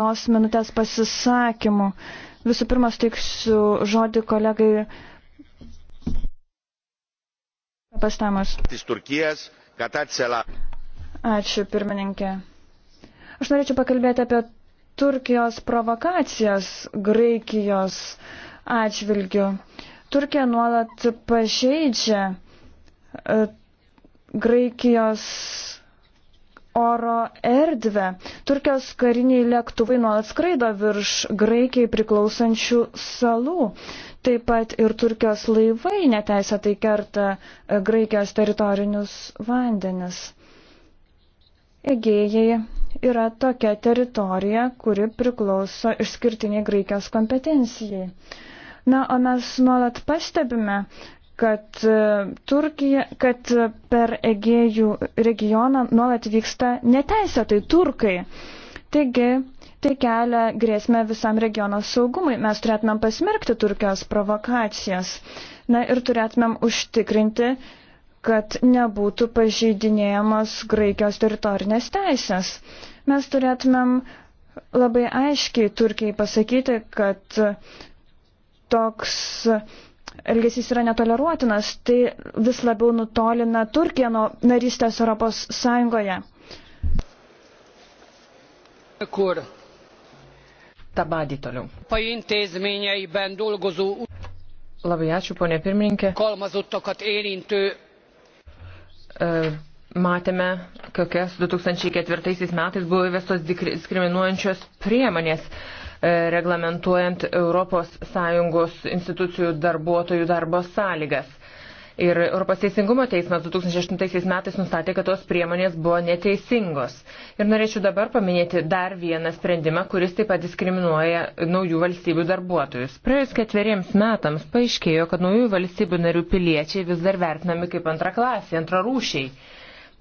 vienos minutės pasisakymų. Visų pirma, steiksiu žodį kolegai Pastamas. Ačiū, pirmininkė. Aš norėčiau pakalbėti apie Turkijos provokacijas Graikijos atžvilgių. Turkija nuolat pažeidžia e, Graikijos oro erdvę. Turkijos kariniai lėktuvai nuolat skraido virš Graikijai priklausančių salų. Taip pat ir Turkijos laivai neteisėtai kerta e, Graikijos teritorinius vandenis. Egėjai yra tokia teritorija, kuri priklauso išskirtiniai Graikijos kompetencijai. Na, o mes nuolat pastebime, kad, e, Turkija, kad per Egejų regioną nuolat vyksta neteisėtai turkai. Taigi, tai kelia grėsmę visam regiono saugumui. Mes turėtumėm pasmerkti Turkijos provokacijas. Na ir turėtumėm užtikrinti, kad nebūtų pažeidinėjamos Graikijos teritorinės teisės. Mes turėtumėm labai aiškiai Turkijai pasakyti, kad toks elgesys yra netoleruotinas, tai vis labiau nutolina Turkiją nuo narystės Europos Sąjungoje. Kur? Tabadį toliau. Paintézményeiben dolgozó. Labai ačiū, ponė pirmininkė. Kalmazottakat érintő. E, matėme, kokias 2004 metais buvo įvestos diskriminuojančios priemonės. Uh, E, reglamentuojant ES institucijų darbuotojų darbo sąlygas. Ir Europos Teisingumo teismas 2008 metais nustatė, kad tos priemonės buvo neteisingos. Ir norėčiau dabar paminėti dar vieną sprendimą, kuris taip pat diskriminuoja naujų valstybių darbuotojus. Praėjus ketveriems metams paaiškėjo, kad naujų valstybių narių piliečiai vis dar vertinami kaip antraklasiai, antrarūšiai.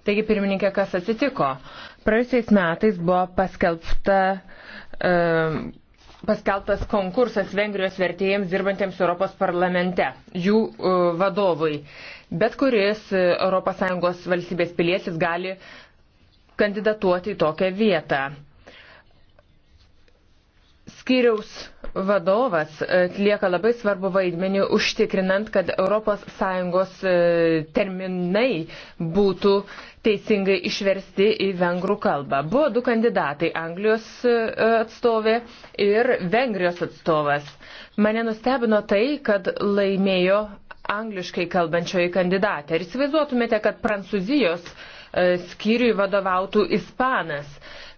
Taigi, pirmininkė, kas atsitiko? Praėjusiais metais buvo paskelbta. Um, paskelbtas konkursas Vengrijos vertėjams dirbantiems Europos parlamente, jų e, vadovui. Bet kuris ES valstybės pilietis gali kandidatuoti į tokią vietą skyriaus vadovas e, atlieka labai svarbu vaidmenį užtikrinant, kad ES e, terminai būtų teisingai išversti į vengrų kalbą. Buvo du kandidatai - Anglijos e, atstovė ir Vengrijos atstovas. Mane nustebino tai, kad laimėjo angliškai kalbančioji kandidatė. Ir įsivaizduotumėte, kad Prancūzijos skyriui vadovautų ispanas.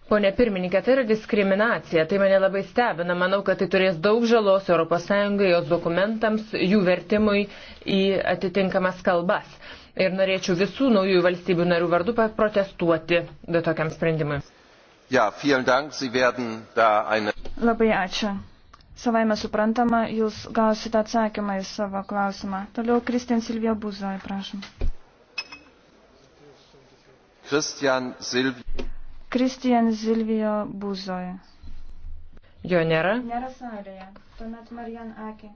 Pone pirmininkė, tai yra diskriminacija, tai mane labai stebina. Manau, kad tai turės daug žalos ES, jos dokumentams, jų vertimui į atitinkamas kalbas. Ir norėčiau visų naujų valstybių narių vardų protestuoti tokiam sprendimui. Ja, dank, eine... Labai ačiū. Savaime suprantama, jūs gausite atsakymą į savo klausimą. Toliau Kristian Silvija Buzoj, prašom. Kristian Silvija. Kristijan Zilvijo Buzoje. Jo nėra? Nėra salėje. Tuomet Marijan Akė.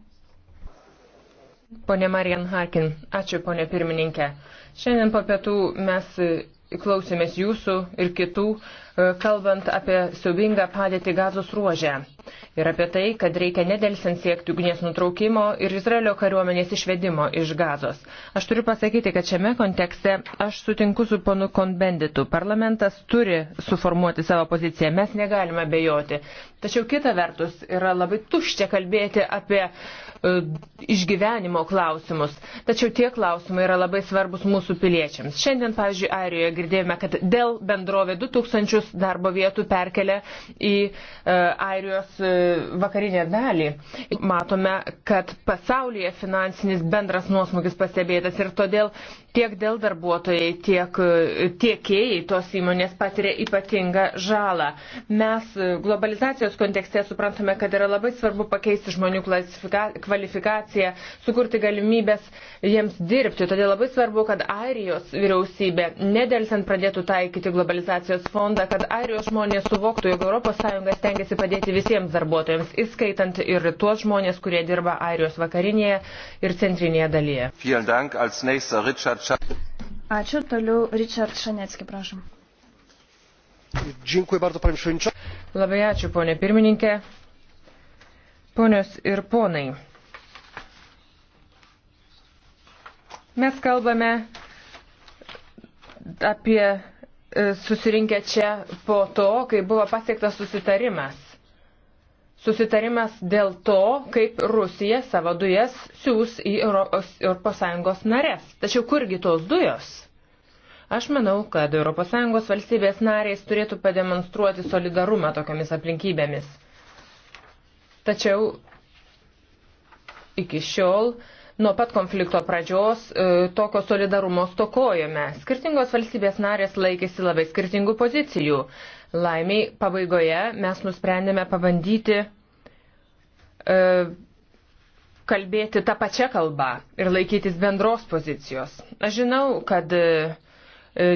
Pone Marijan Harkin, ačiū ponė pirmininkė. Šiandien po pietų mes klausėmės jūsų ir kitų E, kalbant apie siubingą padėtį gazos ruožę ir apie tai, kad reikia nedelsiant siekti ugnies nutraukimo ir Izraelio kariuomenės išvedimo iš gazos. Aš turiu pasakyti, kad šiame kontekste aš sutinku su ponu Konbenditu. Parlamentas turi suformuoti savo poziciją, mes negalime bejoti. Tačiau kita vertus yra labai tuščia kalbėti apie uh, išgyvenimo klausimus. Tačiau tie klausimai yra labai svarbus mūsų piliečiams. Šiandien, pavyzdžiui, Airijoje girdėjome, kad dėl bendrovė 2000 dalis darbo vietų perkelia į e, Airijos e, vakarinę dalį. Matome, kad pasaulyje finansinis bendras nuosmukis pastebėtas ir todėl Tiek dėl darbuotojai, tiek e, tiekėjai tos įmonės patiria ypatingą žalą. Mes e, globalizacijos kontekste suprantame, kad yra labai svarbu pakeisti žmonių kvalifikaciją, sukurti galimybės jiems dirbti. Todėl labai svarbu, kad Airijos vyriausybė nedelsiant pradėtų taikyti globalizacijos fondą, kad Airijos žmonės suvoktų, jog ES stengiasi padėti visiems darbuotojams, įskaitant ir tuos žmonės, kurie dirba Airijos vakarinėje ir centrinėje dalyje. Vielen Dank. Als nächster Richard Richard Ačiū, toliau Richard Šanecki, prašom. Dziękuję bardzo, panie przewodniczący. Labai ačiū, ponė pirmininkė. Ponios ir ponai. Mes kalbame apie e, susirinkę čia po to, kai buvo pasiektas susitarimas susitarimas dėl to, kaip Rusija savo dujas siūs į ES narės. Tačiau kurgi tos dujos? Aš manau, kad ES valstybės narės turėtų pademonstruoti solidarumą tokiamis aplinkybėmis. Tačiau iki šiol nuo pat konflikto pradžios e, tokio solidarumo stokojame. Skirtingos valstybės narės laikėsi labai skirtingų pozicijų. Laimiai pabaigoje mes nusprendėme pabandyti e, kalbėti tą pačią kalbą ir laikytis bendros pozicijos. Aš žinau, kad e,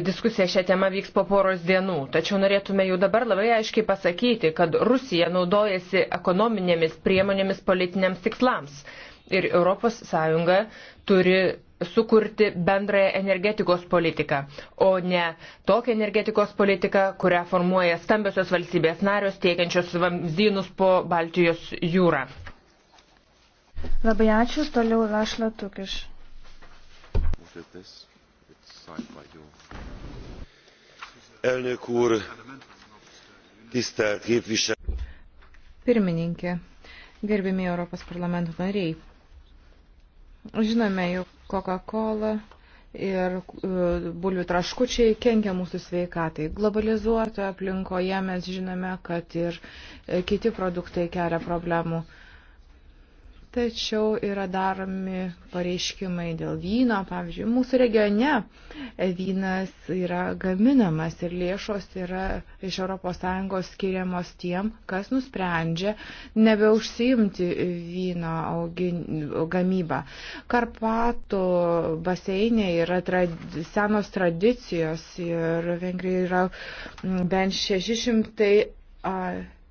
diskusija šią temą vyks po poros dienų, tačiau norėtume jau dabar labai aiškiai pasakyti, kad Rusija naudojasi ekonominėmis priemonėmis politiniams tikslams ir ES turi sukurti bendrąją energetikos politiką, o ne tokią energetikos politiką, kurią formuoja stambiosios valstybės narios tiekiančios vamzdynus po Baltijos jūrą. Labai ačiū, toliau Lašla Tukiš. Elnök úr, tisztelt képviselő! Pirmininkė, gerbimi Europos parlamento nariai, žinome, jog Coca-Cola ir e, bulių traškučiai kenkia mūsų sveikatai. Globalizuotoje aplinkoje mes žinome, kad ir e, kiti produktai kelia problemų. Tačiau yra daromi pareiškimai dėl vyno. Pavyzdžiui, mūsų regione vynas yra gaminamas ir lėšos yra iš ES skiriamos tiem, kas nusprendžia nebeužsiimti vyno augin, gamybą. Karpatų baseinė yra trad, senos tradicijos ir Vengrija yra bent 600. A,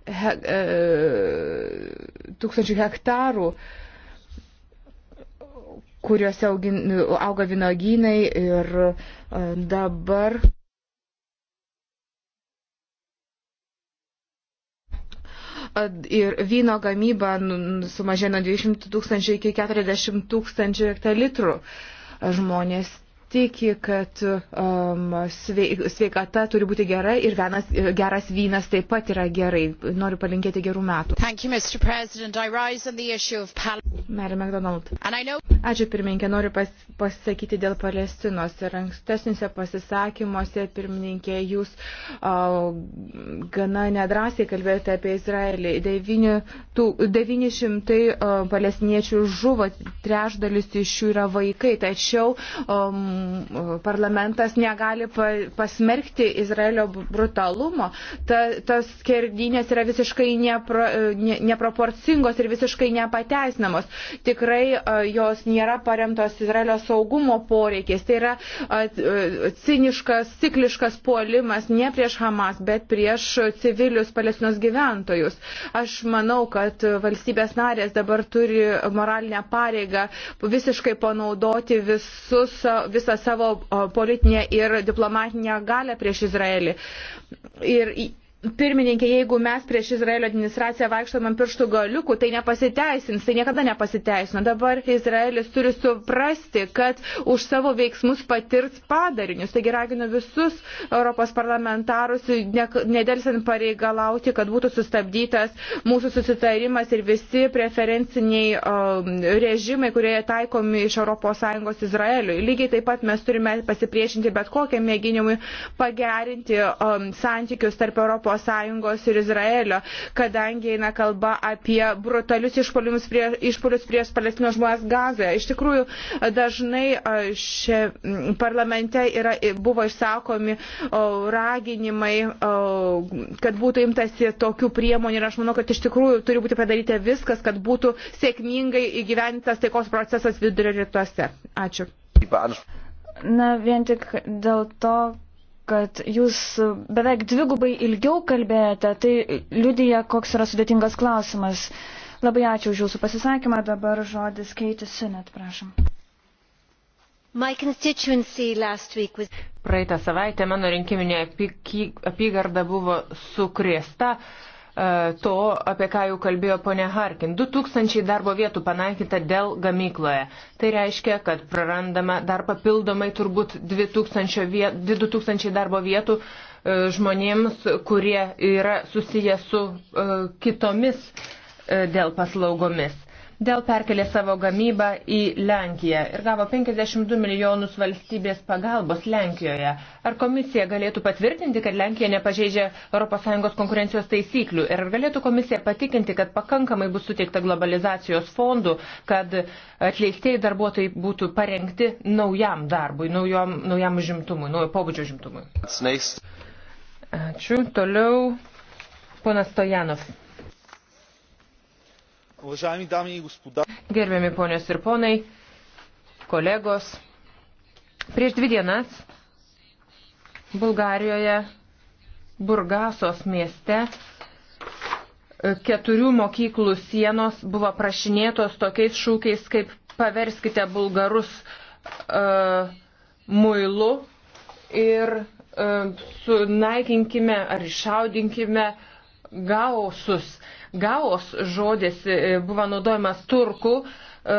he, e, tūkstančių hektarų, kuriuose augin, auga vinogynai ir e, dabar. ir vyno gamyba nu, nu, sumažėjo nuo 200 tūkstančių iki 40 tūkstančių hektolitrų. Žmonės tiki, kad um, sveikata turi būti gera ir vienas, geras vynas taip pat yra gerai. Noriu palinkėti gerų metų. Mary McDonald. Know... Ačiū pirmininkė, noriu pas, pasisakyti dėl Palestinos. Ir ankstesniuose pasisakymuose, pirmininkė, jūs o, gana nedrasiai kalbėjote apie Izraelį. 9, tų, 900 o, palestiniečių žuvo, trešdalis iš jų yra vaikai. Tačiau o, parlamentas negali pasmerkti Izraelio brutalumo. Ta, tas skerdinės yra visiškai nepro, ne, neproporcingos ir visiškai nepateisinamos. Tikrai jos nėra paremtos Izraelio saugumo poreikiais. Tai yra ciniškas, cikliškas puolimas ne prieš Hamas, bet prieš civilius palestinos gyventojus. Aš manau, kad valstybės narės dabar turi moralinę pareigą visiškai panaudoti visus, visą visą savo politinę ir diplomatinę galę prieš Izraelį. Ir Pirmininkė, jeigu mes prieš Izraelio administraciją vaikštome pirštų galiukų, tai nepasiteisins, tai niekada nepasiteisino. Dabar Izraelis turi suprasti, kad už savo veiksmus patirs padarinius. Taigi raginu visus Europos parlamentarus nedelsant pareigalauti, kad būtų sustabdytas mūsų susitarimas ir visi preferenciniai um, režimai, kurie taikomi iš ES Izraeliui. Lygiai taip pat mes turime pasipriešinti bet kokiam mėginimui pagerinti um, santykius tarp Europos ES ir Izraelio, kadangi eina kalba apie brutalius išpolius prieš, išpolius prieš palestinos žmonės Gazoje. Iš tikrųjų, dažnai šia, parlamente yra, buvo išsakomi o, raginimai, o, kad būtų imtasi tokių priemonių ir aš manau, kad iš tikrųjų turi būti padaryta viskas, kad būtų sėkmingai įgyventas taikos procesas vidurio rytuose. Ačiū. Na, vien tik dėl to, kad jūs beveik dvigubai ilgiau kalbėjote, tai liudyja, koks yra sudėtingas klausimas. Labai ačiū už jūsų pasisakymą, dabar žodis Keiti Sinet, prašom. Was... Praeitą savaitę mano rinkiminė apygarda buvo sukrėsta E, to, apie ką jau kalbėjo ponė Harkin. 2000 darbo vietų panaikinta dėl gamykloje. Tai reiškia, kad prarandama dar papildomai turbūt 2000, viet, 2000 darbo vietų e, žmonėms, kurie yra susiję su e, kitomis dėl paslaugomis. Dėl perkelė savo gamybą į Lenkiją ir gavo 52 milijonus valstybės pagalbos Lenkijoje. Ar komisija galėtų patvirtinti, kad Lenkija nepažeidžia ES konkurencijos taisyklių? Ir ar galėtų komisija patikinti, kad pakankamai bus suteikta globalizacijos fondų, kad atleiktieji darbuotojai būtų parengti naujam darbui, naujom, naujam žimtumui, naujo pobūdžio žimtumui? Ačiū. Toliau ponas Stojanov. Gerbiami ponios ir ponai, kolegos, prieš dvi dienas Bulgarijoje Burgasos mieste keturių mokyklų sienos buvo prašinėtos tokiais šūkiais kaip paverskite bulgarus uh, muilu ir uh, e, sunaikinkime ar iššaudinkime gausus. Gaos žodis e, buvo naudojamas turkų e,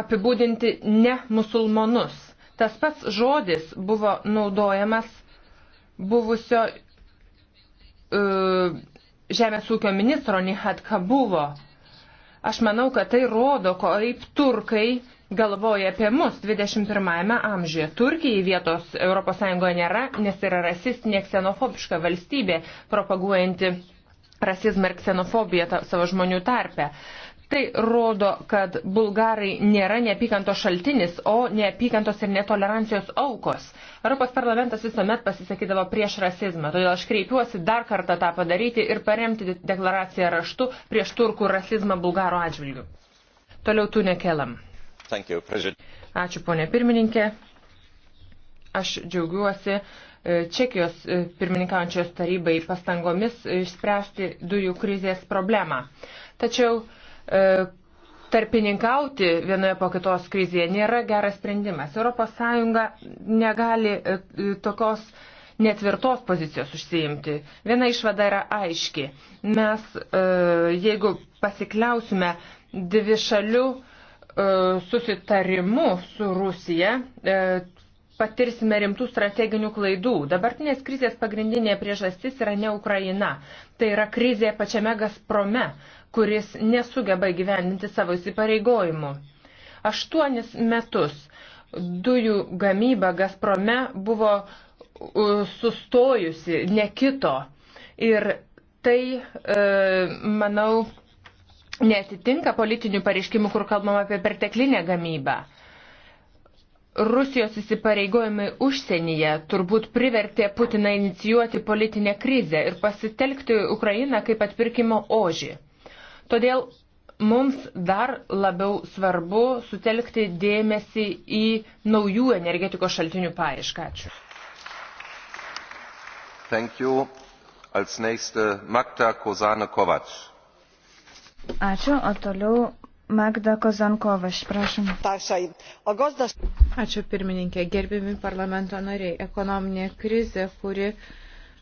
apibūdinti ne musulmonus. Tas pats žodis buvo naudojamas buvusio e, žemės ūkio ministro Nihat Kabuvo. Aš manau, kad tai rodo, kaip turkai galvoja apie mus 21 amžiuje. Turkijai vietos ES nėra, nes yra rasistinė ksenofobiška valstybė, propaguojanti rasizmą ir ksenofobiją savo žmonių tarpe. Tai rodo, kad bulgarai nėra neapykantos šaltinis, o neapykantos ir netolerancijos aukos. Europos parlamentas visuomet pasisakydavo prieš rasizmą, todėl aš kreipiuosi dar kartą tą padaryti ir paremti deklaraciją raštu prieš turkų rasizmą bulgaro atžvilgių. Toliau tu nekelam. Ačiū, ponė pirmininkė. Aš džiaugiuosi E, Čekijos e, pirmininkaujančios tarybai pastangomis išspręsti dujų krizės problemą. Tačiau e, tarpininkauti vienoje po kitos krizėje nėra geras sprendimas. ES negali tokios netvirtos pozicijos užsiimti. Viena išvada yra aiški. Mes, jeigu pasikliausime dvi šalių susitarimu su Rusija, patirsime rimtų strateginių klaidų. Dabartinės krizės pagrindinė priežastis yra ne Ukraina, tai yra krizė pačiame Gazprome, kuris nesugeba gyveninti savo įsipareigojimų. Aštuonis metus dujų gamyba Gazprome buvo sustojusi, nekito. Ir tai, e, manau, netitinka politinių pareiškimų, kur kalbama apie perteklinę gamybą. Rusijos įsipareigojimai užsienyje turbūt privertė Putiną inicijuoti politinę krizę ir pasitelkti Ukrainą kaip atpirkimo ožį. Todėl mums dar labiau svarbu sutelkti dėmesį į naujų energetikos šaltinių paiešką. Ačiū. Thank you. Als nächste Magda Kozane Kovac. Ačiū, o toliau Magda Kozankovaš, prašom. Ačiū pirmininkė, gerbimi parlamento nariai. Ekonominė krizė, kuri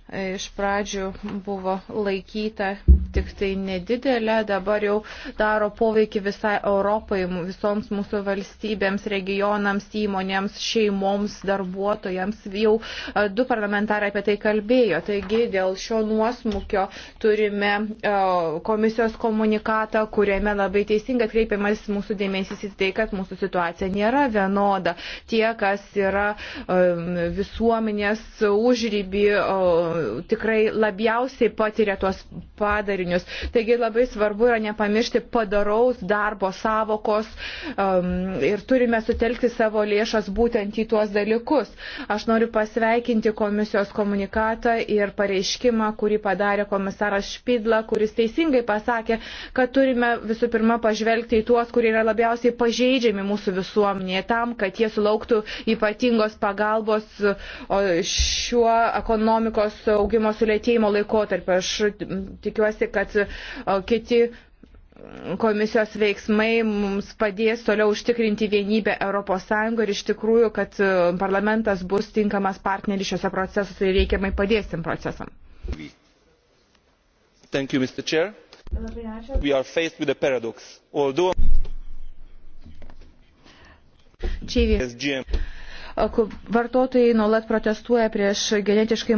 iš pradžių buvo laikyta tik tai nedidelė, dabar jau daro poveikį visai Europai, visoms mūsų valstybėms, regionams, įmonėms, šeimoms, darbuotojams. Jau e, du parlamentarai apie tai kalbėjo. Taigi dėl šio nuosmukio turime e, komisijos komunikatą, kuriame labai teisingai atkreipiamas mūsų dėmesys į tai, kad mūsų situacija nėra vienoda. Tie, kas yra e, visuomenės užrybi, tikrai labiausiai patiria tuos padarinius. Taigi labai svarbu yra nepamiršti padaraus darbo savokos um, ir turime sutelkti savo lėšas būtent į tuos dalykus. Aš noriu pasveikinti komisijos komunikatą ir pareiškimą, kurį padarė komisaras Špidla, kuris teisingai pasakė, kad turime visų pirma pažvelgti į tuos, kurie yra labiausiai pažeidžiami mūsų visuomenėje, tam, kad jie sulauktų ypatingos pagalbos šiuo ekonomikos augimo sulėtėjimo laikotarpio. Aš tikiuosi, kad e, kiti komisijos veiksmai mums padės toliau užtikrinti vienybę Europos Sąjungoje ir iš tikrųjų, kad e, parlamentas bus tinkamas partneris šiuose procesuose ir reikiamai padėsim procesam. Thank you, Mr. Chair. We are faced with a paradox. Although... Čia Vartotojai nuolat protestuoja prieš genetiškai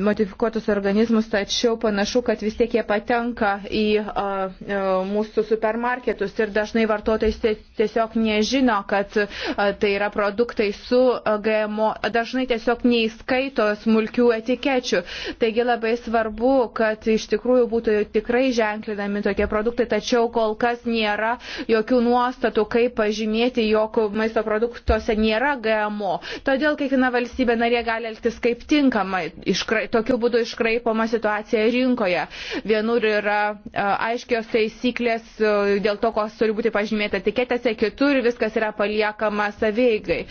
modifikuotus organizmus, tačiau panašu, kad vis tiek jie patenka į a, a, mūsų supermarketus ir dažnai vartotojai tiesiog nežino, kad a, tai yra produktai su GMO, dažnai tiesiog neįskaito smulkių etikečių. Taigi labai svarbu, kad iš tikrųjų būtų tikrai ženklinami tokie produktai, tačiau kol kas nėra jokių nuostatų, kaip pažymėti, jog maisto produktuose nėra GMO namo. Todėl kiekviena valstybė narė gali elgtis kaip tinkama. Iškra, tokiu būdu iškraipoma situacija rinkoje. Vienur yra e, aiškios taisyklės e, dėl to, kas turi būti pažymėta etiketėse, kitur viskas yra paliekama saveigai.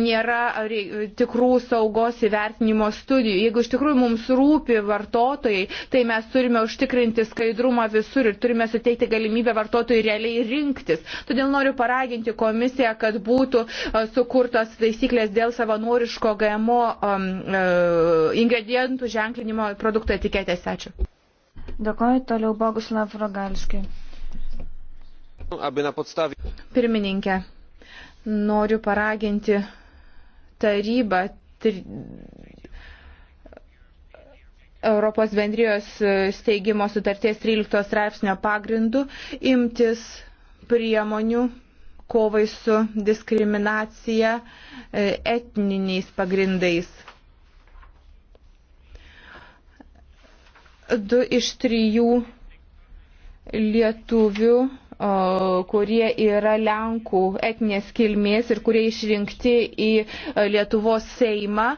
Nėra e, tikrų saugos įvertinimo studijų. Jeigu iš tikrųjų mums rūpi vartotojai, tai mes turime užtikrinti skaidrumą visur ir turime suteikti galimybę vartotojai realiai rinktis. Todėl noriu paraginti komisiją, kad būtų sukurtos taisyklės taisyklės dėl savanoriško GMO um, uh, ingredientų ženklinimo produkto etiketėse. Ačiū. Dėkoju toliau Boguslav Rogalski. Pirmininkė, noriu paraginti tarybą tri... Europos bendrijos steigimo sutarties 13 straipsnio pagrindu imtis priemonių kovai su diskriminacija e, etniniais pagrindais. Du iš trijų lietuvių, kurie yra Lenkų etinės kilmės ir kurie išrinkti į e, Lietuvos Seimą,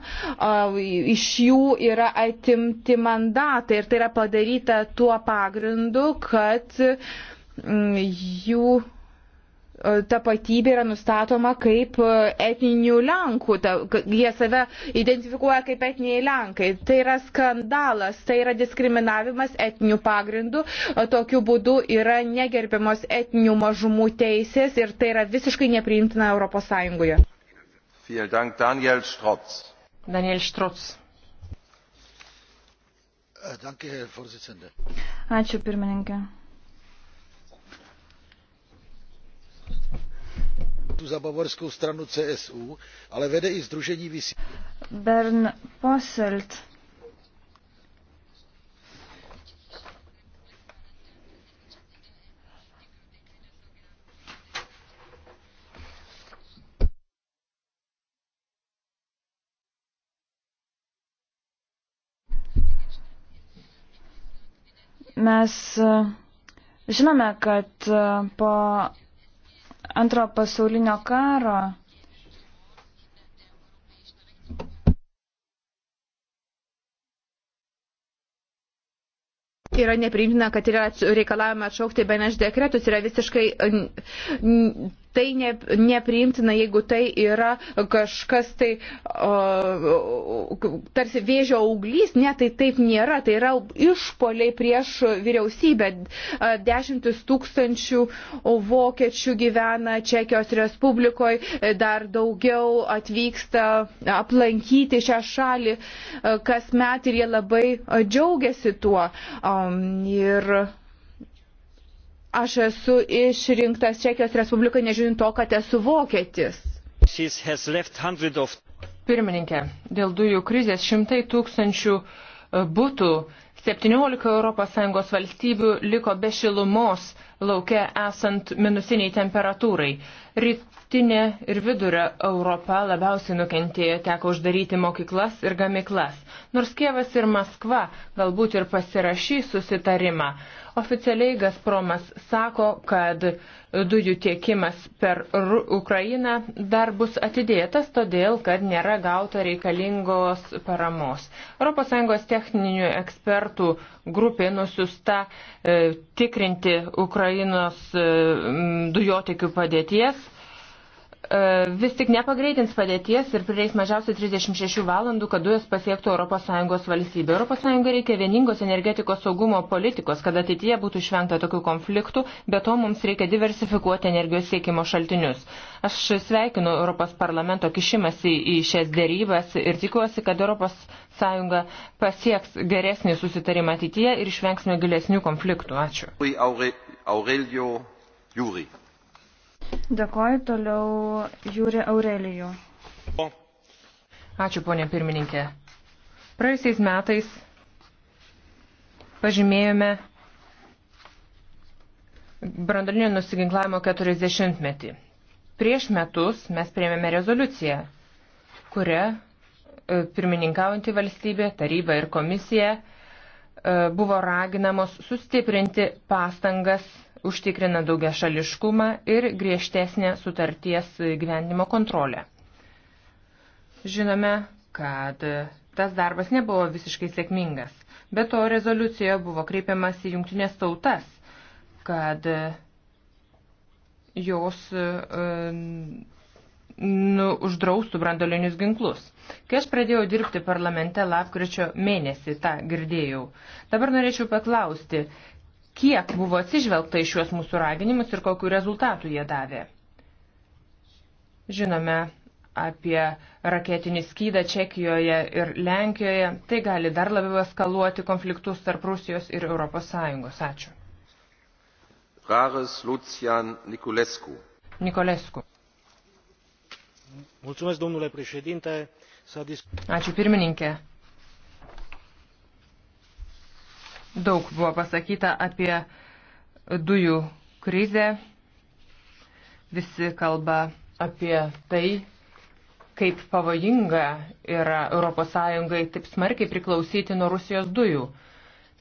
iš jų yra atimti mandatai ir tai yra padaryta tuo pagrindu, kad jų tapatybė yra nustatoma kaip e, etninių Lenkų. Ta, jie save identifikuoja kaip etniniai Lenkai. Tai yra skandalas, tai yra diskriminavimas etninių pagrindų. E, tokiu būdu yra negerbiamos etninių mažumų teisės ir tai yra visiškai nepriimtina Europos Sąjungoje. Dank, Daniel Strotz. Daniel Strotz. Äh, danke, Herr Vorsitzender. Ačiū, pirmininkė. za bavorskou stranu CSU, ale vede i Združení vysílatelů. Bern Posselt. Mes eh, žinome, kad eh, po antro pasaulinio karo yra nepriimtina, kad yra reikalavimai atšaukti BNS dekretus, yra visiškai Tai ne, nepriimtina, jeigu tai yra kažkas tai o, tarsi vėžio auglys, ne, tai taip nėra, tai yra išpoliai prieš vyriausybę. Dešimtis tūkstančių vokiečių gyvena Čekijos Respublikoje, dar daugiau atvyksta aplankyti šią šalį kasmet ir jie labai džiaugiasi tuo. Ir Aš esu išrinktas Čekijos Respublikai, nežiūrint to, kad esu vokietis. Of... Pirmininkė, dėl dujų krizės šimtai tūkstančių būtų 17 ES valstybių liko be šilumos laukia esant minusiniai temperatūrai. Rytinė ir vidurio Europa labiausiai nukentėjo, teko uždaryti mokyklas ir gamiklas. Nors Kievas ir Maskva galbūt ir pasirašys susitarimą, Oficialiai Gazpromas sako, kad dujų tiekimas per Ukrainą dar bus atidėtas, todėl kad nėra gauta reikalingos paramos. ES techninių ekspertų grupė nusiusta e, tikrinti Ukrainos e, dujotikių padėties E, vis tik nepagreitins padėties ir prireiks mažiausiai 36 valandų, kad dujas pasiektų ES valstybę. ES reikia vieningos energetikos saugumo politikos, kad ateityje būtų išvengta tokių konfliktų, bet to mums reikia diversifikuoti energijos siekimo šaltinius. Aš sveikinu Europos parlamento kišimasi į šias dėrybas ir tikiuosi, kad ES pasieks geresnį susitarimą ateityje ir išvengsime gilesnių konfliktų. Ačiū. Aurelio Jūri. Dėkoju toliau Jūri Aurelijų. Ačiū, ponė pirmininkė. Praėjusiais metais pažymėjome brandolinio nusiginklavimo 40-metį. Prieš metus mes priėmėme rezoliuciją, kuria e, pirmininkaujantį valstybę, tarybą ir komisiją e, buvo raginamos sustiprinti pastangas užtikrina daugia šališkumą ir griežtesnę sutarties gyvenimo kontrolę. Žinome, kad tas darbas nebuvo visiškai sėkmingas. Be to rezoliucijoje buvo kreipiamas į jungtinės tautas, kad jos e, nu, uždraustų brandolinius ginklus. Kai aš pradėjau dirbti parlamente lapkričio mėnesį, tą girdėjau. Dabar norėčiau paklausti, kiek buvo atsižvelgta iš juos mūsų raginimus ir kokiu rezultatu jie davė. Žinome apie raketinį skydą Čekijoje ir Lenkijoje. Tai gali dar labiau eskaluoti konfliktus tarp Rusijos ir ES. Ačiū. Rares Lucian Niculescu. Nicolescu. Mulțumesc, domnule președinte. Ačiū pirmininkė. Daug buvo pasakyta apie dujų krizę. Visi kalba apie tai, kaip pavojinga yra ES taip smarkiai priklausyti nuo Rusijos dujų.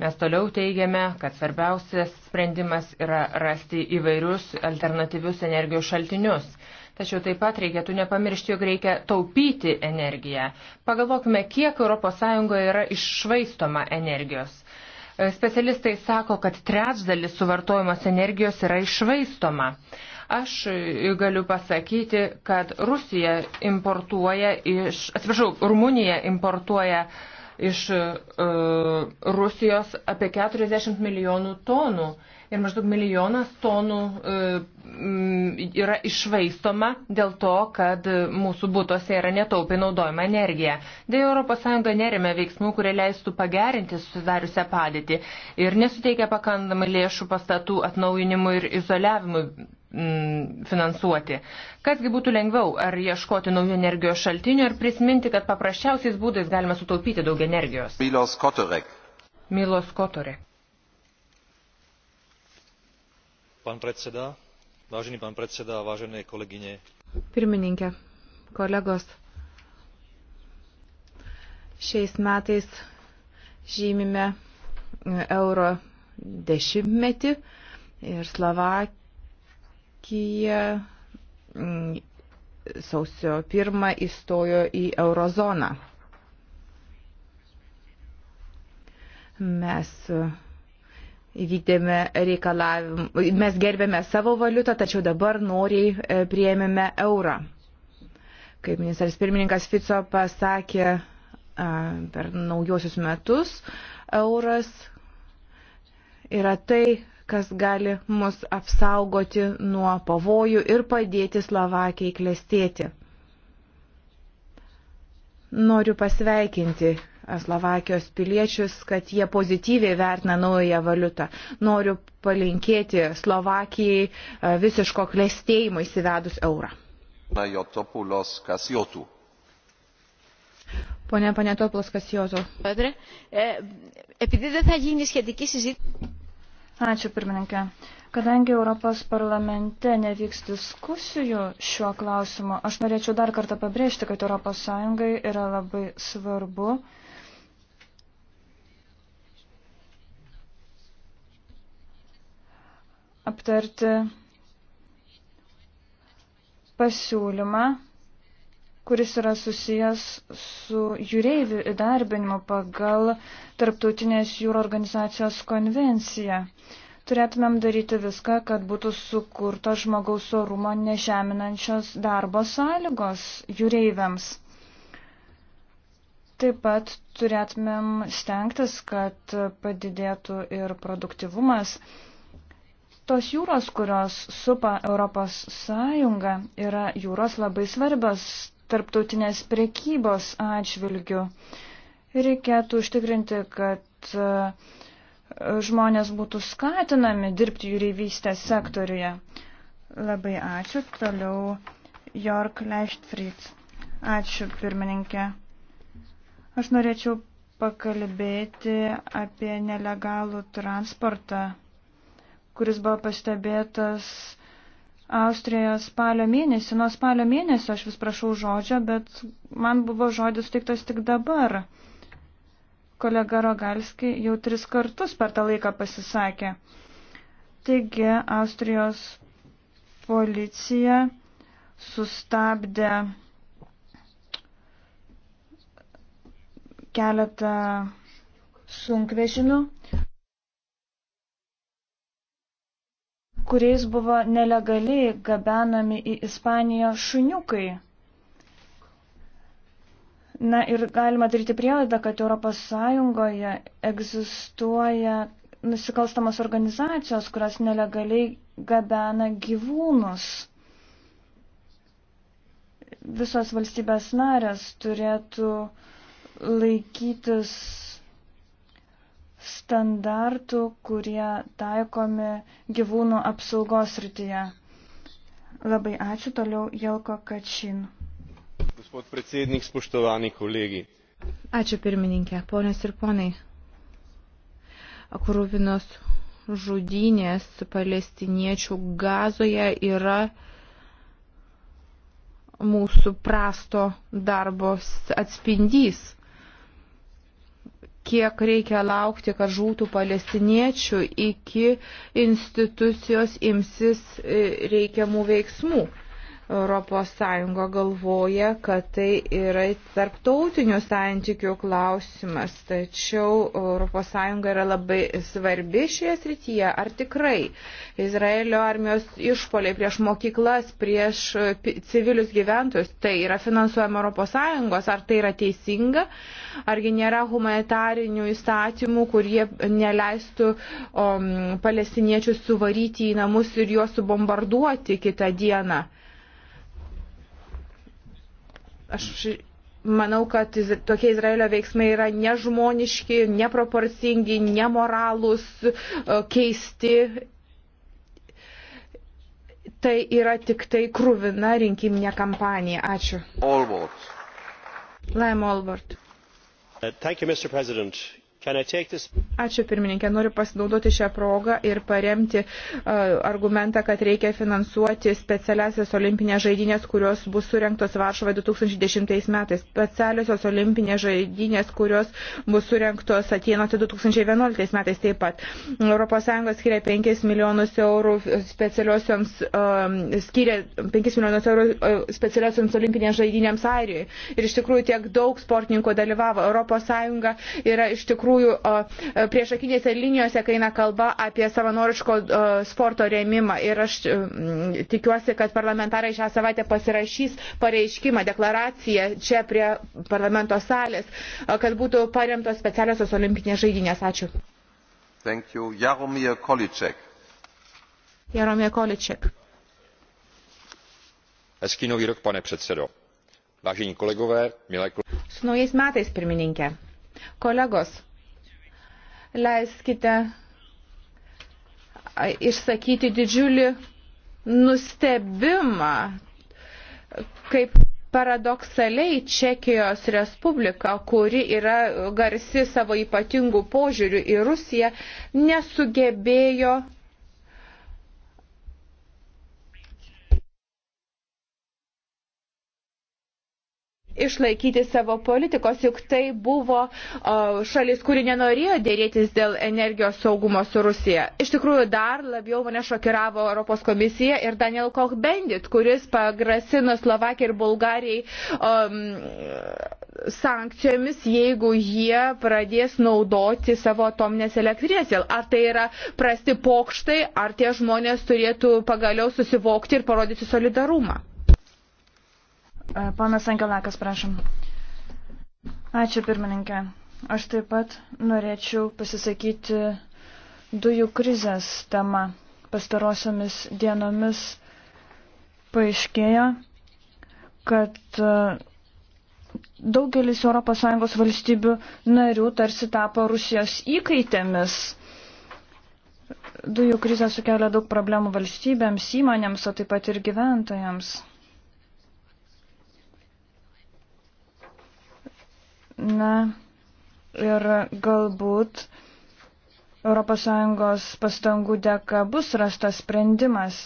Mes toliau teigiame, kad svarbiausias sprendimas yra rasti įvairius alternatyvius energijos šaltinius. Tačiau taip pat reikėtų nepamiršti, jog reikia taupyti energiją. Pagalvokime, kiek ES yra iššvaistoma energijos. Specialistai sako, kad trečdalis suvartojamos energijos yra išvaistoma. Aš galiu pasakyti, kad Rusija importuoja iš, atsiprašau, Rumunija importuoja iš uh, Rusijos apie 40 milijonų tonų ir maždaug milijonas tonų e, yra išvaistoma dėl to, kad mūsų būtose yra netaupiai naudojama energija. Dėl ES nerime veiksmų, kurie leistų pagerinti susidariusią padėtį ir nesuteikia pakankamai lėšų pastatų atnaujinimui ir izoliavimui finansuoti. Kasgi būtų lengviau, ar ieškoti naujų energijos šaltinių, ar prisiminti, kad paprasčiausiais būdais galime sutaupyti daug energijos. Milos Kotorek. Milos Kotorek. vážený pán predseda vážené kolegyne pirmininke kolegos šiais metais žymime e, euro dešimtmetį ir slovakija mm, sausio pirmą įstojo į eurozoną mes įvykdėme reikalavimą, mes gerbėme savo valiutą, tačiau dabar noriai e, prieėmėme eurą. Kaip ministras pirmininkas Fico pasakė per naujosius metus, euras yra tai, kas gali mus apsaugoti nuo pavojų ir padėti Slovakijai klestėti. Noriu pasveikinti Slovakijos piliečius, kad jie pozityviai vertina naują valiutą. Noriu palinkėti Slovakijai e, visiško klėstėjimo įsivedus eurą. Pone Panetopulos Kasijozo. E, Ačiū pirmininkė. Kadangi Europos parlamente nevyks diskusijų šiuo klausimu, aš norėčiau dar kartą pabrėžti, kad ES yra labai svarbu uh, aptarti pasiūlymą, kuris yra susijęs su jūreivių įdarbinimu pagal Tarptautinės jūro organizacijos konvenciją. Turėtumėm daryti viską, kad būtų sukurto žmogaus orumo nežeminančios darbo sąlygos jūreiviams. Taip pat turėtumėm stengtis, kad padidėtų ir produktivumas Tos jūros, kurios supa Europos Sąjungą, yra jūros labai svarbios tarptautinės prekybos atžvilgių. Reikėtų užtikrinti, kad e, žmonės būtų skatinami dirbti jūreivystės sektoriuje. Labai ačiū. Toliau Jork Leichtfried. Ačiū, pirmininkė. Aš norėčiau pakalbėti apie nelegalų transportą kuris buvo pastebėtas Austrijoje spalio mėnesį. Nuo spalio mėnesio aš vis prašau žodžio, bet man buvo žodis teiktas tik dabar. Kolega Rogalski jau tris kartus per tą laiką pasisakė. Taigi, Austrijos policija sustabdė keletą sunkvežimių kuriais buvo nelegaliai gabenami į Ispaniją šuniukai. Na ir galima daryti prielaidą, kad ES egzistuoja nusikalstamos organizacijos, kurios nelegaliai gabena gyvūnus. Visos valstybės narės turėtų laikytis standartų, kurie taikomi gyvūnų apsaugos rytyje. Labai ačiū toliau Jelko Kačin. Gospod predsednik, spoštovani kolegi. Ačiū pirmininkė, ponios ir ponai. Krūvinos žudynės palestiniečių gazoje yra mūsų prasto darbos atspindys kiek reikia laukti, kad žūtų palestiniečių, iki institucijos imsis e, reikiamų veiksmų. ES galvoja, kad tai yra tarptautinių santykių klausimas, tačiau ES yra labai svarbi šioje srityje. Ar tikrai Izraelio armijos išpoliai prieš mokyklas, prieš civilius gyventojus, tai yra finansuojama ES, ar tai yra teisinga, argi nėra humanitarinių įstatymų, kurie neleistų um, palestiniečius suvaryti į namus ir juos subombarduoti kitą dieną. Aš manau, kad tokie Izraelio veiksmai yra nežmoniški, neproporcingi, nemoralūs, e, keisti. Tai yra tik tai krūvina rinkiminė kampanija. Ačiū. Olbort. Laim Olbort. Uh, thank you, Mr. President. Ačiū pirmininkė, noriu pasinaudoti šią progą ir paremti uh, argumentą, kad reikia finansuoti specialiasias olimpinės žaidynės, kurios bus surinktos Varšuvoje 2010 metais. Specialiosios olimpinės žaidynės, kurios bus surinktos Atenose 2011 metais taip pat. ES skiria 5 milijonus eurų specialiosioms, um, skiria 5 milijonus eurų uh, specialiosioms olimpinės žaidynėms Airijoje. Ir iš tikrųjų tiek daug sportininkų dalyvavo. ES yra iš tikrųjų tikrųjų priešakinėse linijose, kai eina kalba apie savanoriško sporto rėmimą. Ir aš tikiuosi, kad parlamentarai šią savaitę pasirašys pareiškimą, deklaraciją čia prie parlamento salės, kad būtų paremtos specialiosios olimpinės žaidynės. Ačiū. Thank you. Jaromir Kolicek. Jaromir Kolicek. Hezký nový rok, pane předsedo. Vážení kolegové, milé kolegové. S naujais metais, pirmininkė. Kolegos, leiskite išsakyti didžiulį nustebimą, kaip paradoksaliai Čekijos Respublika, kuri yra garsi savo ypatingų požiūrių į Rusiją, nesugebėjo išlaikyti savo politikos, juk tai buvo šalis, kuri nenorėjo dėrėtis dėl energijos saugumo su Rusija. Iš tikrųjų, dar labiau mane šokiravo Europos komisija ir Daniel Koch-Bendit, kuris pagrasino Slovakijai ir Bulgarijai um, sankcijomis, jeigu jie pradės naudoti savo atominės elektrinės. Ar tai yra prasti pokštai, ar tie žmonės turėtų pagaliau susivokti ir parodyti solidarumą. E, ponas Angelakas, prašom. Ačiū pirmininkė. Aš taip pat norėčiau pasisakyti dujų krizės tema. Pastarosiomis dienomis paaiškėjo, kad e, daugelis ES valstybių narių tarsi tapo Rusijos įkaitėmis. Dujų krizė sukelia daug problemų valstybėms, įmonėms, o taip pat ir gyventojams. Na ir galbūt ES pastangų dėka bus rastas sprendimas.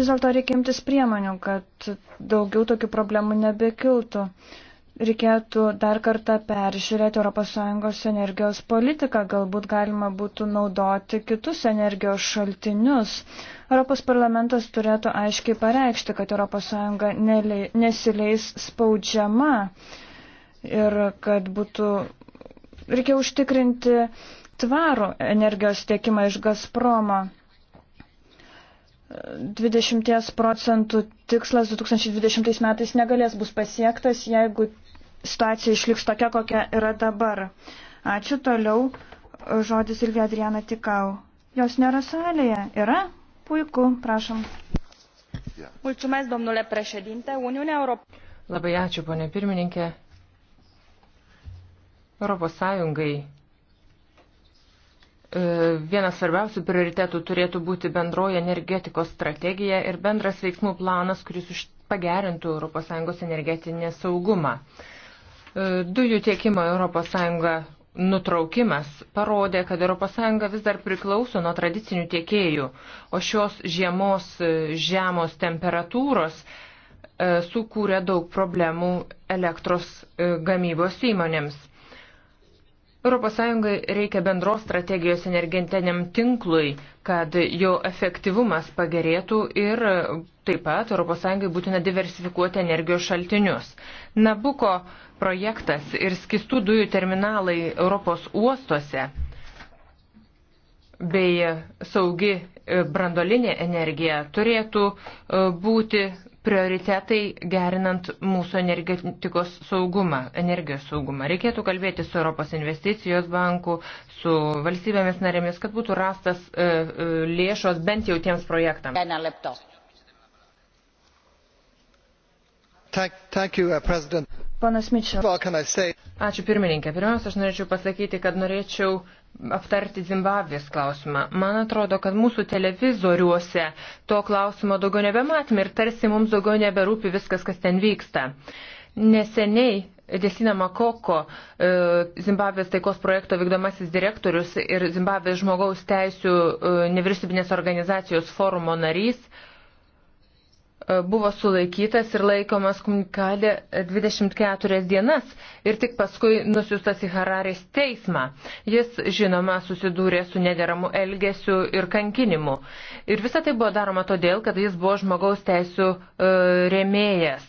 Vis dėlto reikia imtis priemonių, kad daugiau tokių problemų nebekiltų. Reikėtų dar kartą peržiūrėti ES energijos politiką, galbūt galima būtų naudoti kitus energijos šaltinius. Europos parlamentas turėtų aiškiai pareikšti, kad ES nesileis spaudžiama ir kad būtų, reikia užtikrinti tvarų energijos tiekimą iš Gazpromo. 20 procentų tikslas 2020 metais negalės bus pasiektas, jeigu situacija išliks tokia, kokia yra dabar. Ačiū toliau. Žodis Silvija Adriana Tikau. Jos nėra salėje. Yra? Puiku, prašom. Mulțumesc, domnule președinte. Uniunea Europeană. Labai ačiū, ponė pirmininkė. Europos Sąjungai e, vienas svarbiausių prioritetų turėtų būti bendroji energetikos strategija ir bendras veiksmų planas, kuris pagerintų ES energetinę saugumą. E, dujų tiekimo ES nutraukimas parodė, kad ES vis dar priklauso nuo tradicinių tiekėjų, o šios žiemos e, žemos temperatūros sukūrė daug problemų elektros gamybos įmonėms. ES reikia bendros strategijos energetiniam tinklui, kad jo efektyvumas pagerėtų ir taip pat ES būtina diversifikuoti energijos šaltinius. Nabuko projektas ir skistų dujų terminalai Europos uostuose bei saugi brandolinė energija turėtų e, būti prioritetai gerinant mūsų energetikos saugumą, energijos saugumą. Reikėtų kalbėti su Europos investicijos banku, su valstybėmis narėmis, kad būtų rastas e, e, lėšos bent jau tiems projektams. Thank, thank you, uh, President. Ponas Mičel. Ačiū pirmininkė. Pirmiausia, aš norėčiau pasakyti, kad norėčiau aptarti Zimbabvės klausimą. Man atrodo, kad mūsų televizoriuose to klausimo daugiau nebematome ir tarsi mums daugiau neberūpi viskas, kas ten vyksta. Neseniai Desina Makoko, e, Zimbabvės taikos projekto vykdomasis direktorius ir Zimbabvės žmogaus teisų e, nevyriausybinės organizacijos forumo narys, E, buvo sulaikytas ir laikomas kumikadė 24 dienas ir tik paskui nusiustas į Hararės teismą. Jis, žinoma, susidūrė su nederamu elgesiu ir kankinimu. Ir visa tai buvo daroma todėl, kad jis buvo žmogaus teisų e, rėmėjas.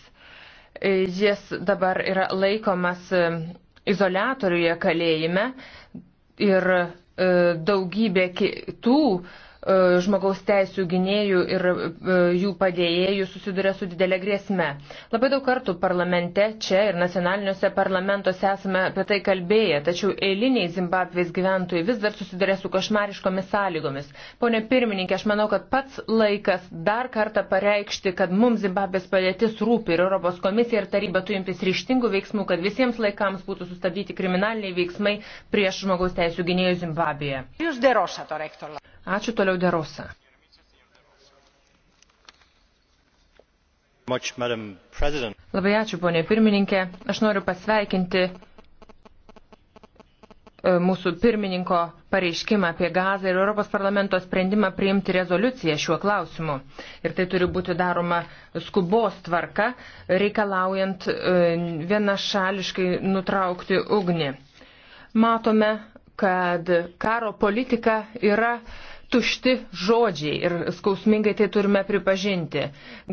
E, jis dabar yra laikomas e, izolatoriuje kalėjime ir daugybė kitų E, žmogaus teisų gynėjų ir e, jų padėjėjų susiduria su didelė grėsme. Labai daug kartų parlamente, čia ir nacionaliniuose parlamentuose esame apie tai kalbėję, tačiau eiliniai Zimbabvės gyventojai vis dar susiduria su košmariškomis sąlygomis. Pone pirmininkė, aš manau, kad pats laikas dar kartą pareikšti, kad mums Zimbabvės padėtis rūpi ir Europos komisija ir taryba turi imtis ryštingų veiksmų, kad visiems laikams būtų sustabdyti kriminaliniai veiksmai prieš žmogaus teisų gynėjus Zimbabvėje. Jūs derosa, to rektorą. Ačiū toliau Derosa. Labai ačiū, ponė pirmininkė. Aš noriu pasveikinti e, mūsų pirmininko pareiškimą apie gazą ir Europos parlamento sprendimą priimti rezoliuciją šiuo klausimu. Ir tai turi būti daroma skubos tvarka, reikalaujant e, vienašališkai nutraukti ugnį. Matome, kad karo politika yra tušti žodžiai ir skausmingai tai turime pripažinti.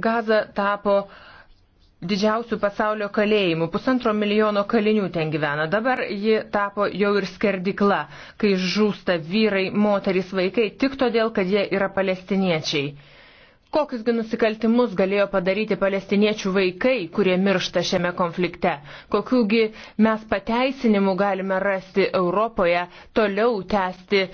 Gaza tapo didžiausių pasaulio kalėjimų. Pusantro milijono kalinių ten gyvena. Dabar ji tapo jau ir skerdikla, kai žūsta vyrai, moterys, vaikai tik todėl, kad jie yra palestiniečiai. Kokiusgi nusikaltimus galėjo padaryti palestiniečių vaikai, kurie miršta šiame konflikte? Kokiųgi mes pateisinimų galime rasti Europoje toliau tęsti e,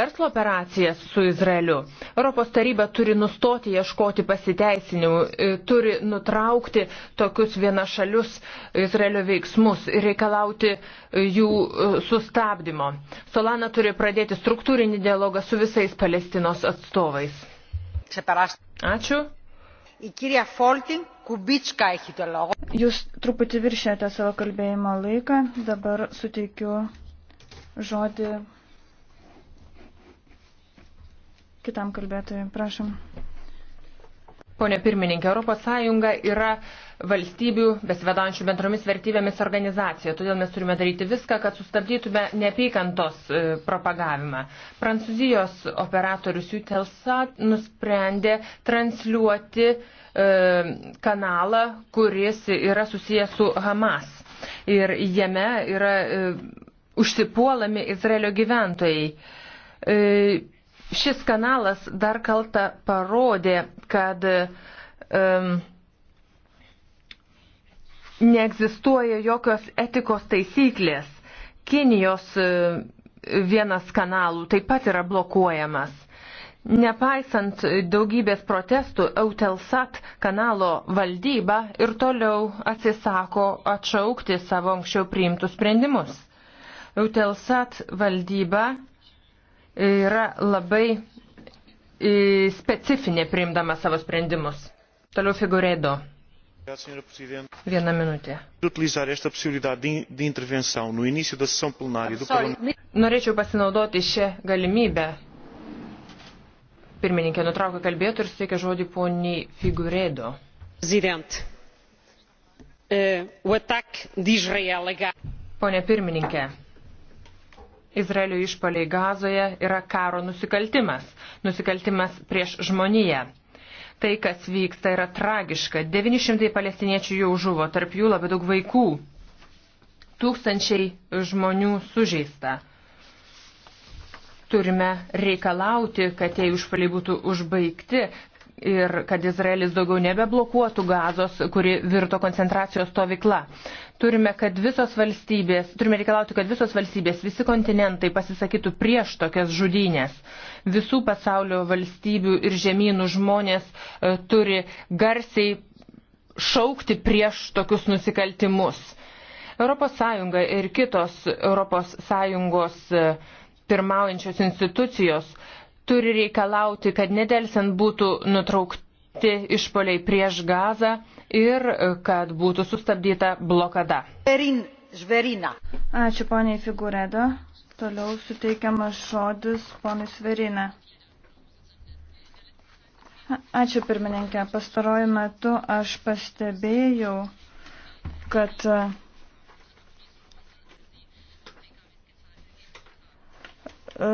verslo operacijas su Izraeliu? Europos taryba turi nustoti ieškoti pasiteisinimų, e, turi nutraukti tokius vienašalius Izraelio veiksmus ir reikalauti e, jų e, sustabdymo. Solana turi pradėti struktūrinį dialogą su visais Palestinos atstovais. Ačiū. Jūs truputį viršėte savo kalbėjimo laiką. Dabar suteikiu žodį kitam kalbėtojui. Prašom. Pone pirmininkė, ES yra valstybių besivedančių bendromis vertybėmis organizacija. Todėl mes turime daryti viską, kad sustabdytume neapykantos e, propagavimą. Prancūzijos operatorius Jutelsat nusprendė transliuoti e, kanalą, kuris yra susijęs su Hamas. Ir jame yra e, užsipuolami Izraelio gyventojai. E, Šis kanalas dar kaltą parodė, kad um, neegzistuoja jokios etikos taisyklės. Kinijos e, vienas kanalų taip pat yra blokuojamas. Nepaisant daugybės protestų, Eutelsat kanalo valdyba ir toliau atsisako atšaukti savo anksčiau priimtus sprendimus. Eutelsat valdyba yra labai e, specifinė priimdama savo sprendimus. Toliau figurėdo. Viena minutė. Norėčiau pasinaudoti šią galimybę. Pirmininkė nutraukė kalbėtų ir suteikė žodį poniai figurėdo. Eh, Pone pirmininkė, Izraelio išpaliai gazoje yra karo nusikaltimas, nusikaltimas prieš žmoniją. Tai, kas vyksta, yra tragiška. 900 palestiniečių jau žuvo, tarp jų labai daug vaikų. Tūkstančiai žmonių sužeista. Turime reikalauti, kad tie užpaliai būtų užbaigti, ir kad Izraelis daugiau nebeblokuotų gazos, kuri virto koncentracijos stovykla. Turime, kad visos valstybės, turime reikalauti, kad visos valstybės, visi kontinentai pasisakytų prieš tokias žudynės. Visų pasaulio valstybių ir žemynų žmonės e, turi garsiai šaukti prieš tokius nusikaltimus. ES ir kitos ES e, pirmaujančios institucijos e, turi reikalauti, kad nedelsiant būtų nutraukti išpoliai prieš gazą ir e, kad būtų sustabdyta blokada. Žverin, žverina. Ačiū poniai Figuredo. Toliau suteikiamas žodis ponui Sverina. Ačiū pirmininkė. Pastaruoju metu aš pastebėjau, kad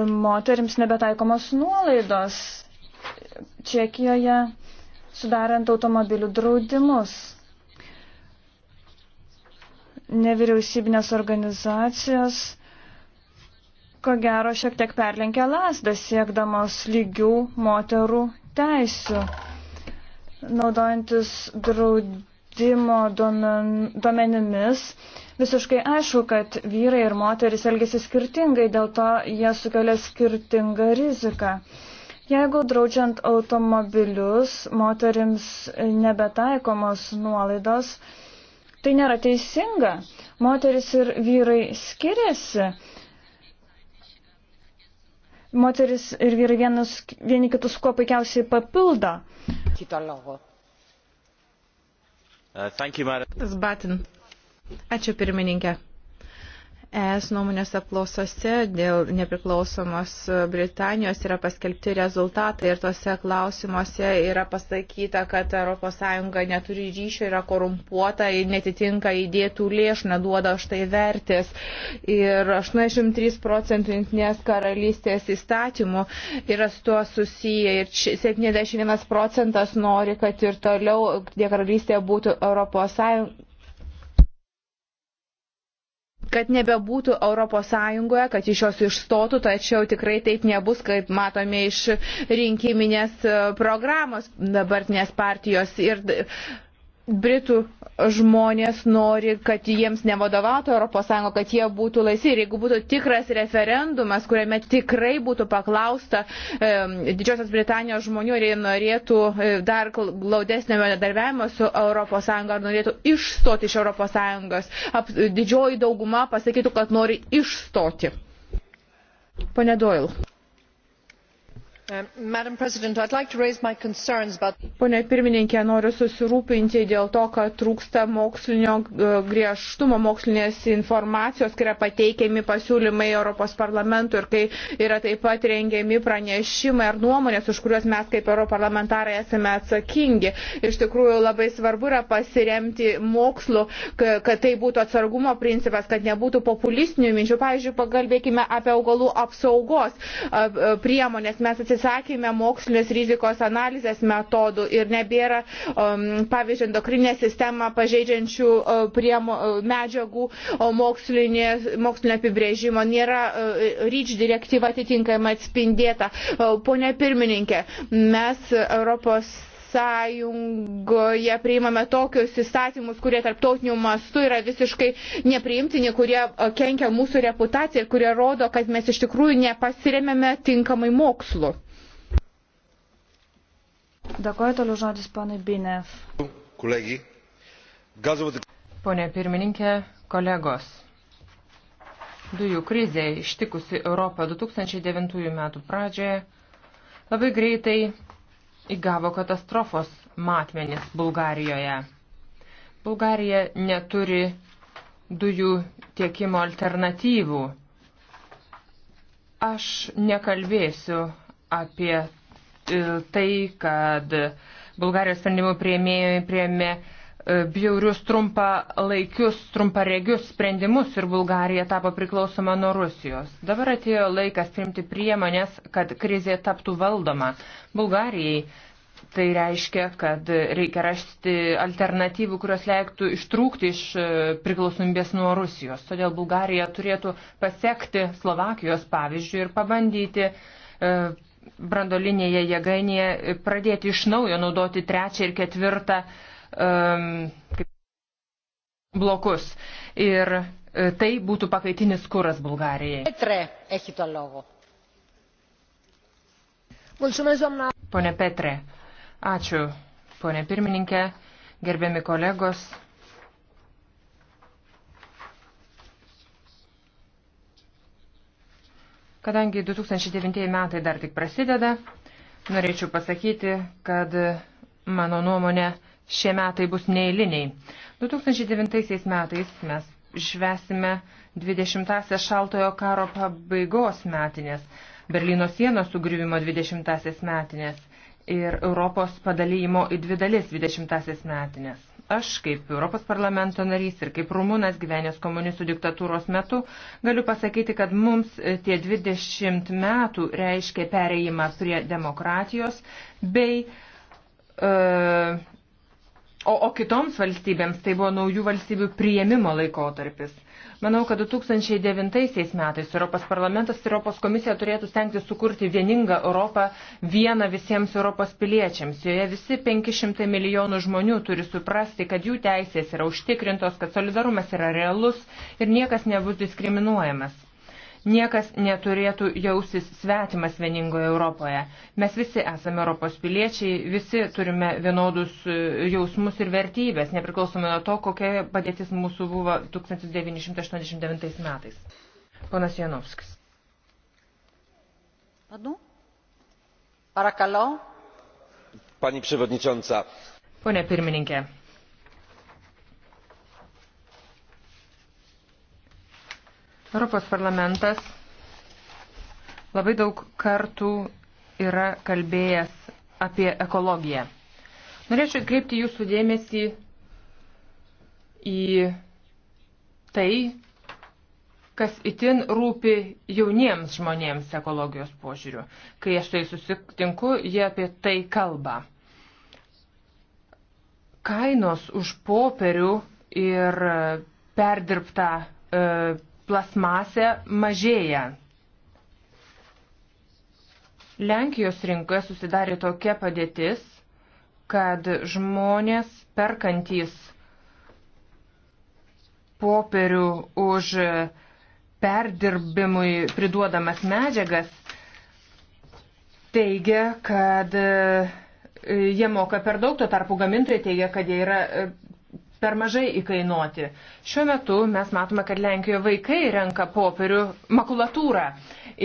moterims nebetaikomos nuolaidos Čekijoje, sudarant automobilių draudimus. Nevyriausybinės organizacijos, ko gero, šiek tiek perlenkia lasdą siekdamos lygių moterų teisių, naudojantis draudimo duomenimis. Domen, Visiškai aišku, kad vyrai ir moteris elgesi skirtingai, dėl to jie sukelia skirtingą riziką. Jeigu draudžiant automobilius moterims nebetaikomos nuolaidos, tai nėra teisinga. Moteris ir vyrai skiriasi. Moteris ir vyrai vienas, vieni kitus kuo puikiausiai papildo. Kito logo. Uh, thank you, Madam. Ačiū pirmininkė. ES nuomonės aplausose dėl nepriklausomos Britanijos yra paskelbti rezultatai ir tuose klausimuose yra pasakyta, kad ES neturi ryšio, yra korumpuota, netitinka įdėtų lėšų, neduoda štai vertės. Ir 83 procentų jungtinės karalystės įstatymų yra su tuo susiję ir 71 procentas nori, kad ir toliau karalystė būtų ES kad nebebūtų Europos Sąjungoje, kad iš jos išstotų, tačiau tikrai taip nebus, kaip matome iš rinkiminės e, programos dabartinės partijos. Ir Britų žmonės nori, kad jiems nevadovautų ES, kad jie būtų laisvi. Ir jeigu būtų tikras referendumas, kuriame tikrai būtų paklausta e, Didžiosios Britanijos žmonių, ar jie norėtų e, dar glaudesnio bendradarbiavimo su ES, ar norėtų išstoti iš ES, Ap, didžioji dauguma pasakytų, kad nori išstoti. Pane Doyle. Um, Pone pirmininkė, noriu susirūpinti dėl to, kad trūksta mokslinio uh, griežtumo, mokslinės informacijos, kai yra pateikiami pasiūlymai Europos parlamentui ir kai yra taip pat rengiami pranešimai ar nuomonės, už kuriuos mes kaip europarlamentarai esame atsakingi. Iš tikrųjų labai svarbu yra pasiremti mokslu, kad tai būtų atsargumo principas, kad nebūtų populistinių minčių. Pavyzdžiui, pagalbėkime apie augalų apsaugos uh, uh, priemonės. Mes atsisakome atsisakėme mokslinės rizikos analizės metodų ir nebėra, um, pavyzdžiui, endokrinę sistemą pažeidžiančių uh, prie uh, medžiagų uh, mokslinio apibrėžimo, nėra ryč direktyva atitinkamai atspindėta. Pone pirmininkė, mes Europos sąjungoje priimame tokius įstatymus, kurie tarptautiniu mastu yra visiškai nepriimtini, kurie kenkia mūsų reputacijai ir kurie rodo, kad mes iš tikrųjų nepasiremėme tinkamai mokslu. Dėkoju toliau žodis ponui Binev. Kolegi, gazovod... Pone pirmininkė, kolegos. Dujų krizė ištikusi Europą 2009 metų pradžioje labai greitai įgavo katastrofos matmenis Bulgarijoje. Bulgarija neturi dujų tiekimo alternatyvų. Aš nekalbėsiu apie E, tai, kad Bulgarijos sprendimų prieimėjai prieimė e, bjaurius trumpalaikius, trumparegius sprendimus ir Bulgarija tapo priklausoma nuo Rusijos. Dabar atėjo laikas priimti priemonės, kad krizė taptų valdoma. Bulgarijai Tai reiškia, kad reikia rasti alternatyvų, kurios leiktų ištrūkti iš e, priklausomybės nuo Rusijos. Todėl Bulgarija turėtų pasiekti Slovakijos pavyzdžių ir pabandyti brandolinėje jėgainėje e, pradėti iš naujo naudoti trečią ir ketvirtą um, blokus. Ir e, tai būtų pakaitinis kuras Bulgarijai. Pone Petre, ačiū, pone pirmininkė, gerbiami kolegos. Kadangi 2009 metai dar tik prasideda, norėčiau pasakyti, kad mano nuomonė šie metai bus neįliniai. 2009 metais mes švesime 20-asią šaltojo karo pabaigos metinės, Berlyno sienos sugriuvimo 20-asias metinės ir Europos padalyjimo į dvi dalis 20-asias metinės. Aš kaip Europos parlamento narys ir kaip rumūnas gyvenęs komunistų diktatūros metu galiu pasakyti, kad mums e, tie 20 metų reiškia pereimą prie demokratijos bei uh, O, o kitoms valstybėms tai buvo naujų valstybių prieimimo laikotarpis. Manau, kad 2009 metais Europos parlamentas ir Europos komisija turėtų stengti sukurti vieningą Europą vieną visiems Europos piliečiams. Joje visi 500 milijonų žmonių turi suprasti, kad jų teisės yra užtikrintos, kad solidarumas yra realus ir niekas nebus diskriminuojamas. Niekas neturėtų jausis svetimas vieningoje Europoje. Mes visi esame Europos piliečiai, visi turime vienodus e, jausmus ir vertybės, nepriklausomai nuo to, kokia padėtis mūsų buvo 1989 metais. Ponas Janovskis. Pardon? Parakalo. Pani Przewodnicząca. Pone pirmininkė. Europos parlamentas labai daug kartų yra kalbėjęs apie ekologiją. Norėčiau atkreipti jūsų dėmesį į tai, kas itin rūpi jauniems žmonėms ekologijos požiūriu. Kai aš tai susitinku, jie apie tai kalba. Kainos už popierių ir perdirbtą e, plasmasė mažėja. Lenkijos rinkoje susidarė tokia padėtis, kad žmonės perkantys popierių už perdirbimui priduodamas medžiagas teigia, kad e, jie moka per daug, tuo tarpu gamintojai teigia, kad jie yra e, per mažai įkainuoti. Šiuo metu mes matome, kad Lenkijoje vaikai renka popierių makulatūrą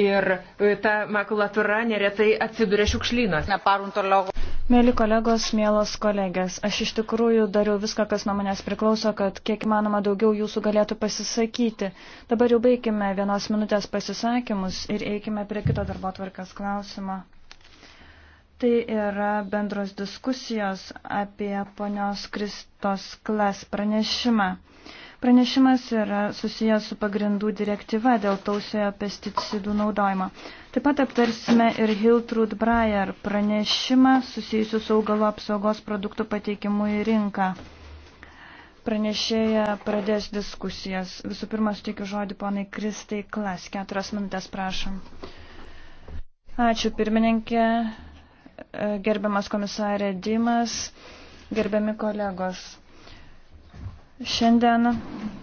ir e, ta makulatūra neretai atsiduria šiukšlynos. Mėly kolegos, mielos kolegės, aš iš tikrųjų dariau viską, kas nuo manęs priklauso, kad kiek įmanoma daugiau jūsų galėtų pasisakyti. Dabar jau baigime vienos minutės pasisakymus ir eikime prie kito darbo tvarkas klausimo. Tai yra bendros diskusijos apie ponios Kristos klas pranešimą. Pranešimas yra susijęs su pagrindų direktyva dėl tausiojo pesticidų naudojimo. Taip pat aptarsime ir Hiltrud Breyer pranešimą susijusiu su augalo apsaugos produktų pateikimu į rinką. Pranešėja pradės diskusijas. Visų pirma, suteikiu žodį ponai Kristai Klas. Keturias minutės prašom. Ačiū pirmininkė gerbiamas komisarė Dimas, gerbiami kolegos. Šiandien